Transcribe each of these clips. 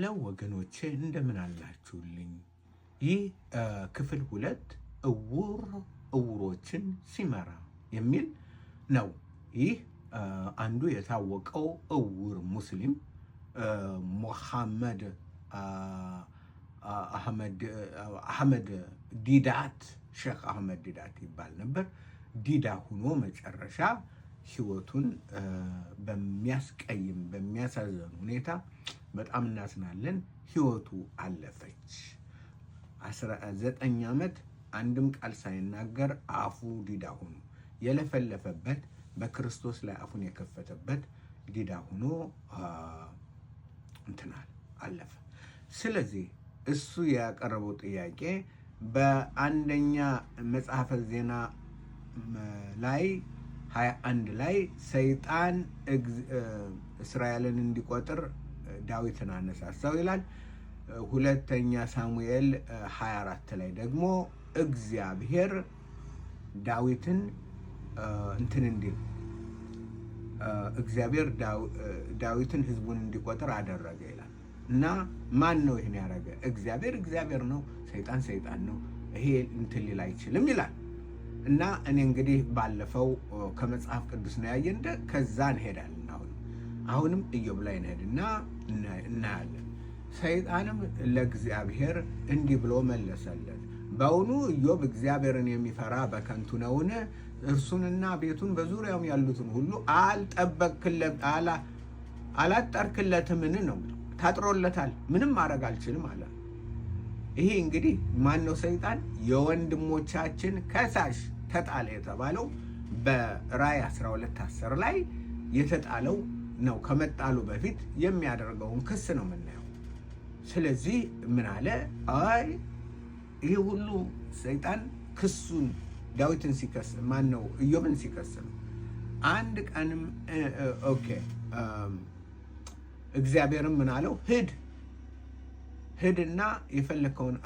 ሄለው ወገኖቼ እንደምን አላችሁልኝ? ይህ ክፍል ሁለት እውር እውሮችን ሲመራ የሚል ነው። ይህ አንዱ የታወቀው እውር ሙስሊም ሙሐመድ አህመድ ዲዳት ሼክ አህመድ ዲዳት ይባል ነበር። ዲዳ ሁኖ መጨረሻ ህይወቱን በሚያስቀይም በሚያሳዝን ሁኔታ በጣም እናዝናለን። ህይወቱ አለፈች። ዘጠኝ ዓመት አንድም ቃል ሳይናገር አፉ ዲዳ ሆኖ የለፈለፈበት በክርስቶስ ላይ አፉን የከፈተበት ዲዳ ሆኖ እንትናል አለፈ። ስለዚህ እሱ ያቀረበው ጥያቄ በአንደኛ መጽሐፈ ዜና ላይ 21 ላይ ሰይጣን እስራኤልን እንዲቆጥር ዳዊትን አነሳሳው ይላል። ሁለተኛ ሳሙኤል 24 ላይ ደግሞ እግዚአብሔር ዳዊትን እንትን እንዲል እግዚአብሔር ዳዊትን ህዝቡን እንዲቆጥር አደረገ ይላል እና ማን ነው ይህን ያደረገ? እግዚአብሔር እግዚአብሔር ነው፣ ሰይጣን ሰይጣን ነው። ይሄ እንትን ሊል አይችልም ይላል እና እኔ እንግዲህ ባለፈው ከመጽሐፍ ቅዱስ ነው ያየን፣ ከዛ እንሄዳለን አሁን አሁንም እዮብ ላይ እንሄድና እናያለን። ሰይጣንም ለእግዚአብሔር እንዲህ ብሎ መለሰለት፣ በውኑ እዮብ እግዚአብሔርን የሚፈራ በከንቱ ነውን? እርሱንና ቤቱን በዙሪያውም ያሉትን ሁሉ አላጠርክለትምን? ነው ታጥሮለታል። ምንም ማድረግ አልችልም አለ። ይሄ እንግዲህ ማን ነው? ሰይጣን የወንድሞቻችን ከሳሽ ተጣለ የተባለው በራእይ 12 10 ላይ የተጣለው ነው ከመጣሉ በፊት የሚያደርገውን ክስ ነው የምናየው። ስለዚህ ምን አለ? አይ ይህ ሁሉ ሰይጣን ክሱን ዳዊትን ሲከስ ማን ነው? እዮብን ሲከስ ነው። አንድ ቀንም ኦኬ እግዚአብሔርም ምን አለው? ሂድ ሂድና የፈለከውን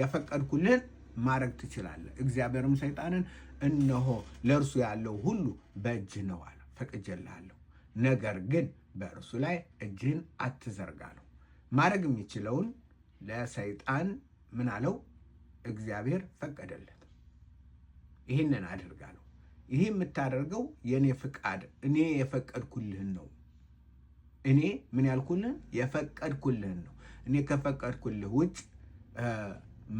የፈቀድኩልህን ማድረግ ትችላለህ። እግዚአብሔርም ሰይጣንን እነሆ ለእርሱ ያለው ሁሉ በእጅ ነው አለ፣ ፈቅጄልሃለሁ ነገር ግን በእርሱ ላይ እጅህን አትዘርጋ ነው። ማድረግ የሚችለውን ለሰይጣን ምን አለው? እግዚአብሔር ፈቀደለት። ይህንን አድርጋ ነው። ይህ የምታደርገው የእኔ ፍቃድ እኔ የፈቀድኩልህን ነው። እኔ ምን ያልኩልህን የፈቀድኩልህን ነው። እኔ ከፈቀድኩልህ ውጭ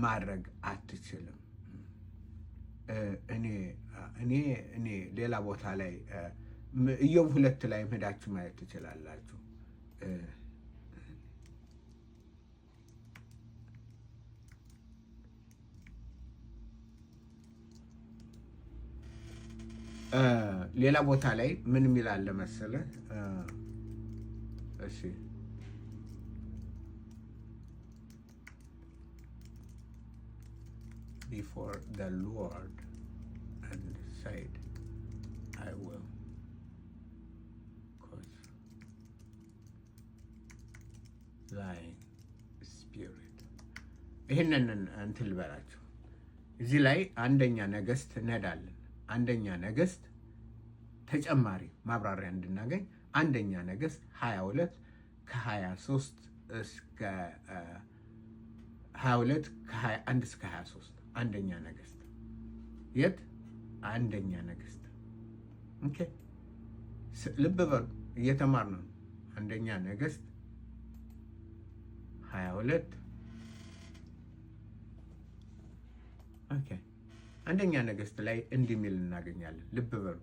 ማድረግ አትችልም። እኔ እኔ ሌላ ቦታ ላይ ኢዮብ ሁለት ላይ ሄዳችሁ ማየት ትችላላችሁ። ሌላ ቦታ ላይ ምን የሚል ለመሰለ እሺ ቢፎር ዘ ሎርድ አንድ ሳይድ አይ ዊል thy ይህንን እንትን ልበላችሁ። እዚህ ላይ አንደኛ ነገስት እንሄዳለን። አንደኛ ነገስት ተጨማሪ ማብራሪያ እንድናገኝ አንደኛ ነገስት 22 ከ23 እስከ 22 ከ21 እስከ 23 አንደኛ ነገስት የት አንደኛ ነገስት ኦኬ ልብ በሉ እየተማር ነው አንደኛ ነገስት 22 ኦኬ አንደኛ ነገስት ላይ እንዲህ ሚል እናገኛለን። ልብ በሉ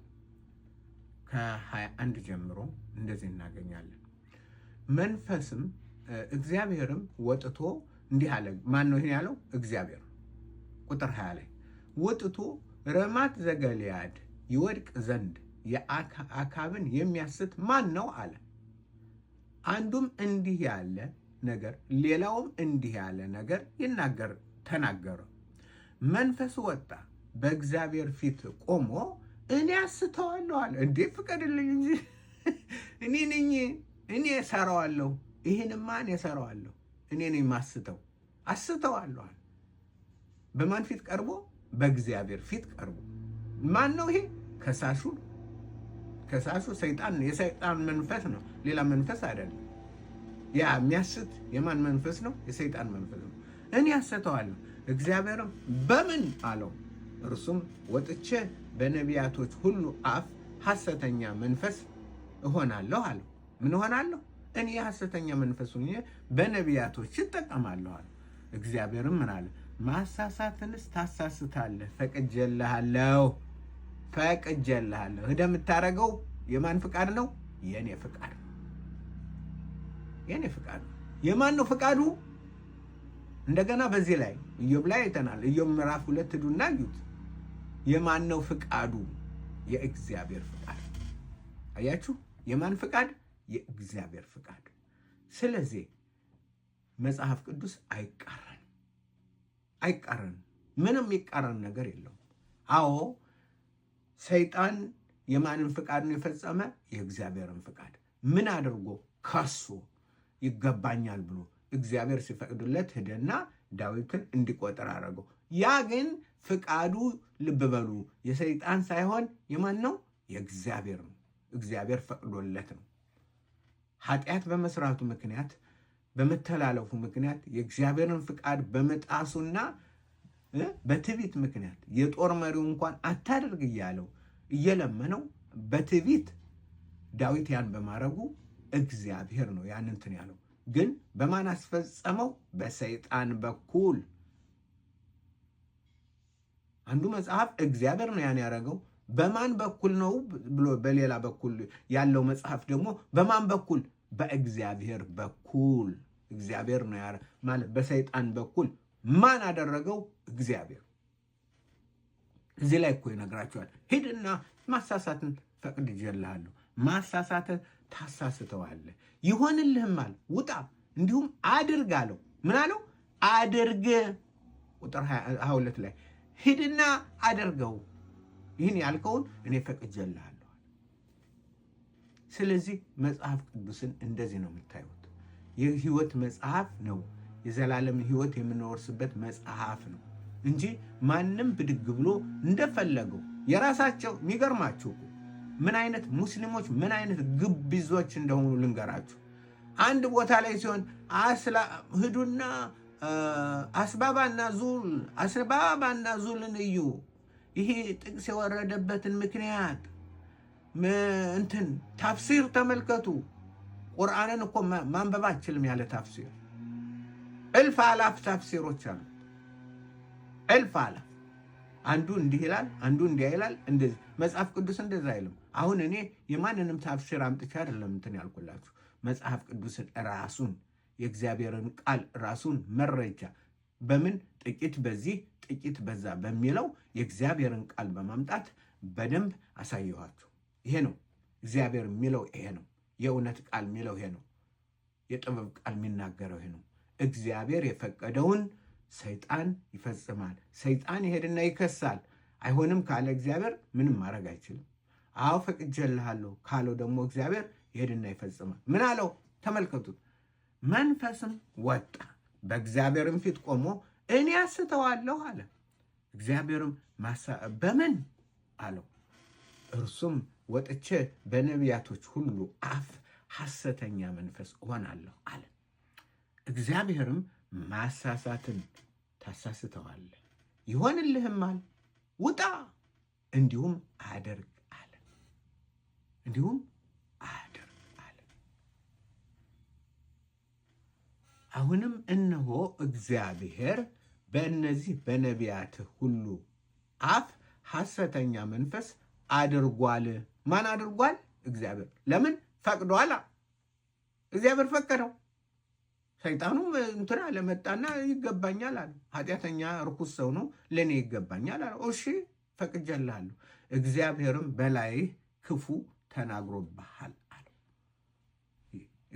ከ21 ጀምሮ እንደዚህ እናገኛለን። መንፈስም እግዚአብሔርም ወጥቶ እንዲህ አለ። ማን ነው ይህን ያለው? እግዚአብሔር። ቁጥር 20 ላይ ወጥቶ ረማት ዘገሊያድ ይወድቅ ዘንድ የአካብን የሚያስት ማን ነው አለ። አንዱም እንዲህ ያለ ነገር ሌላውም እንዲህ ያለ ነገር ይናገር ተናገረ። መንፈስ ወጣ፣ በእግዚአብሔር ፊት ቆሞ እኔ አስተዋለሁ አለ። እንዴ ፍቀድልኝ እንጂ እኔ ነኝ እኔ ሰራዋለሁ፣ ይህንማ እኔ ሰራዋለሁ፣ እኔ ነኝ ማስተው አስተዋለዋል። በማን ፊት ቀርቦ? በእግዚአብሔር ፊት ቀርቦ። ማን ነው ይሄ? ከሳሹ ከሳሹ ሰይጣን፣ የሰይጣን መንፈስ ነው፣ ሌላ መንፈስ አይደለም። ያ የሚያስት የማን መንፈስ ነው? የሰይጣን መንፈስ ነው። እኔ አሰተዋለሁ። እግዚአብሔርም በምን አለው? እርሱም ወጥቼ በነቢያቶች ሁሉ አፍ ሐሰተኛ መንፈስ እሆናለሁ አለው። ምን እሆናለሁ? እኔ የሐሰተኛ መንፈስ ሁኜ በነቢያቶች ይጠቀማለሁ አለ። እግዚአብሔርም ምን አለ? ማሳሳትንስ ታሳስታለህ፣ ፈቅጄልሃለሁ ፈቅጄልሃለሁ። ሂደህ የምታደርገው የማን ፍቃድ ነው? የእኔ ፍቃድ ነው። የኔ ፍቃድ ነው። የማን ነው ፍቃዱ? እንደገና በዚህ ላይ ኢዮብ ላይ አይተናል። ኢዮብ ምዕራፍ ሁለት ሂዱና እዩት። የማን ነው ፍቃዱ? የእግዚአብሔር ፍቃድ። አያችሁ፣ የማን ፍቃድ? የእግዚአብሔር ፍቃድ። ስለዚህ መጽሐፍ ቅዱስ አይቃረን አይቃረን ምንም የሚቃረን ነገር የለውም። አዎ ሰይጣን የማንን ፍቃድ ነው የፈጸመ? የእግዚአብሔርን ፍቃድ ምን አድርጎ ከሶ ይገባኛል ብሎ እግዚአብሔር ሲፈቅድለት ሂደና ዳዊትን እንዲቆጥር አደረገው። ያ ግን ፍቃዱ ልብ በሉ የሰይጣን ሳይሆን የማን ነው? የእግዚአብሔር ነው። እግዚአብሔር ፈቅዶለት ነው። ኃጢአት በመስራቱ ምክንያት በመተላለፉ ምክንያት የእግዚአብሔርን ፍቃድ በመጣሱና በትዕቢት ምክንያት የጦር መሪው እንኳን አታደርግ እያለው እየለመነው በትዕቢት ዳዊት ያን በማድረጉ እግዚአብሔር ነው ያን እንትን ያለው። ግን በማን አስፈጸመው? በሰይጣን በኩል አንዱ መጽሐፍ እግዚአብሔር ነው ያን ያደረገው። በማን በኩል ነው ብሎ በሌላ በኩል ያለው መጽሐፍ ደግሞ በማን በኩል? በእግዚአብሔር በኩል እግዚአብሔር ነው ያ ማለት በሰይጣን በኩል ማን አደረገው? እግዚአብሔር። እዚህ ላይ እኮ ይነግራቸዋል። ሂድና ማሳሳትን ይጀልሃለሁ ማሳሳትን ታሳስተዋለህ። ይሆንልህማል፣ ውጣ እንዲሁም አድርግ አለው። ምን አለው? አድርግ ቁጥር 22 ላይ ሂድና አድርገው፣ ይህን ያልከውን እኔ ፈቅጄልሃለሁ። ስለዚህ መጽሐፍ ቅዱስን እንደዚህ ነው የምታዩት። የህይወት መጽሐፍ ነው። የዘላለም ህይወት የምንወርስበት መጽሐፍ ነው እንጂ ማንም ብድግ ብሎ እንደፈለገው የራሳቸው የሚገርማችሁ ምን አይነት ሙስሊሞች ምን አይነት ግብዞች እንደሆኑ ልንገራችሁ። አንድ ቦታ ላይ ሲሆን ህዱና አስባባና ዙል አስባባና ዙልን እዩ። ይሄ ጥቅስ የወረደበትን ምክንያት እንትን ታፍሲር ተመልከቱ። ቁርአንን እኮ ማንበብ አችልም ያለ ታፍሲር እልፍ አላፍ ታፍሲሮች አሉ። እልፍ አላፍ አንዱ እንዲህ ይላል፣ አንዱ እንዲያ ይላል። እንደዚህ መጽሐፍ ቅዱስ እንደዛ አይልም። አሁን እኔ የማንንም ታፍሲር አምጥቼ አይደለም እንትን ያልኩላችሁ መጽሐፍ ቅዱስን ራሱን የእግዚአብሔርን ቃል ራሱን መረጃ በምን ጥቂት በዚህ ጥቂት በዛ በሚለው የእግዚአብሔርን ቃል በማምጣት በደንብ አሳየኋችሁ። ይሄ ነው እግዚአብሔር የሚለው ይሄ ነው። የእውነት ቃል የሚለው ይሄ ነው። የጥበብ ቃል የሚናገረው ይሄ ነው። እግዚአብሔር የፈቀደውን ሰይጣን ይፈጽማል። ሰይጣን ይሄድና ይከሳል። አይሆንም ካለ እግዚአብሔር ምንም ማድረግ አይችልም። አዎ ፈቅጄልሃለሁ ካለው ደግሞ እግዚአብሔር ይሄድና ይፈጽማል። ምን አለው? ተመልከቱት። መንፈስም ወጣ፣ በእግዚአብሔርም ፊት ቆሞ እኔ አስተዋለሁ አለ። እግዚአብሔርም በምን አለው? እርሱም ወጥቼ በነቢያቶች ሁሉ አፍ ሐሰተኛ መንፈስ እሆናለሁ አለ። እግዚአብሔርም ማሳሳትን ታሳስተዋለህ፣ ይሆንልህማል፣ ውጣ እንዲሁም አደርግ እንዲሁም አድር አለ። አሁንም እነሆ እግዚአብሔር በእነዚህ በነቢያትህ ሁሉ አፍ ሐሰተኛ መንፈስ አድርጓል። ማን አድርጓል? እግዚአብሔር። ለምን ፈቅዷል? እግዚአብሔር ፈቀደው። ሰይጣኑ እንትን አለ፣ መጣና ይገባኛል አለ። ኃጢአተኛ ርኩስ ሰው ነው፣ ለእኔ ይገባኛል አለ። እሺ ፈቅጄልሃለሁ። እግዚአብሔርም በላይህ ክፉ ተናግሮብሃል አለው።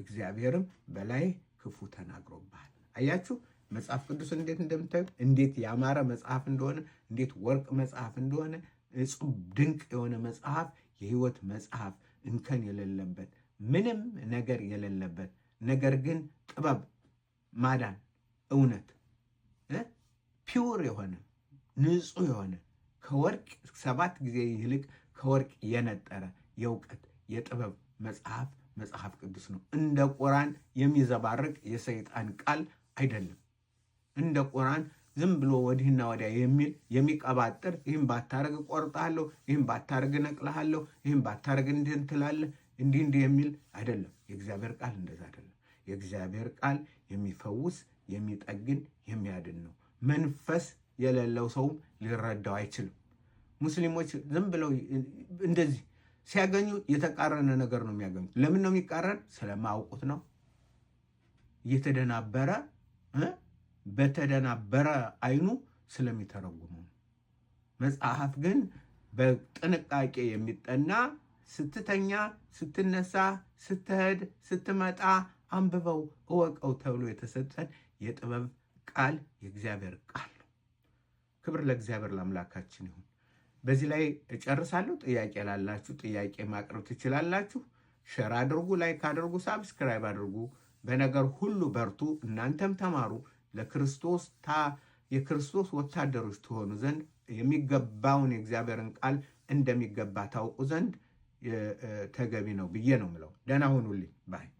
እግዚአብሔርም በላይ ክፉ ተናግሮብሃል። አያችሁ መጽሐፍ ቅዱስን እንዴት እንደምታዩ እንዴት ያማረ መጽሐፍ እንደሆነ እንዴት ወርቅ መጽሐፍ እንደሆነ እጹብ ድንቅ የሆነ መጽሐፍ የህይወት መጽሐፍ እንከን የሌለበት ምንም ነገር የሌለበት ነገር ግን ጥበብ፣ ማዳን፣ እውነት ፒውር የሆነ ንጹህ የሆነ ከወርቅ ሰባት ጊዜ ይልቅ ከወርቅ የነጠረ የእውቀት የጥበብ መጽሐፍ መጽሐፍ ቅዱስ ነው። እንደ ቁራን የሚዘባርቅ የሰይጣን ቃል አይደለም። እንደ ቁራን ዝም ብሎ ወዲህና ወዲያ የሚል የሚቀባጥር ይህም ባታረግ ቆርጣለሁ፣ ይህም ባታረግ ነቅልሃለሁ፣ ይህም ባታረግ እንዲህ ትላለህ፣ እንዲህ እንዲህ የሚል አይደለም። የእግዚአብሔር ቃል እንደዛ አይደለም። የእግዚአብሔር ቃል የሚፈውስ የሚጠግን የሚያድን ነው። መንፈስ የሌለው ሰውም ሊረዳው አይችልም። ሙስሊሞች ዝም ብለው እንደዚህ ሲያገኙ የተቃረነ ነገር ነው የሚያገኙት። ለምን ነው የሚቃረን? ስለማያውቁት ነው። እየተደናበረ በተደናበረ አይኑ ስለሚተረጉሙ መጽሐፍ ግን በጥንቃቄ የሚጠና ስትተኛ፣ ስትነሳ፣ ስትሄድ፣ ስትመጣ አንብበው እወቀው ተብሎ የተሰጠን የጥበብ ቃል የእግዚአብሔር ቃል ነው። ክብር ለእግዚአብሔር ለአምላካችን ይሁን። በዚህ ላይ እጨርሳለሁ። ጥያቄ ላላችሁ ጥያቄ ማቅረብ ትችላላችሁ። ሸር አድርጉ፣ ላይክ አድርጉ፣ ሳብስክራይብ አድርጉ። በነገር ሁሉ በርቱ፣ እናንተም ተማሩ። ለክርስቶስ የክርስቶስ ወታደሮች ትሆኑ ዘንድ የሚገባውን የእግዚአብሔርን ቃል እንደሚገባ ታውቁ ዘንድ ተገቢ ነው ብዬ ነው ምለው። ደህና ሁኑልኝ ባይ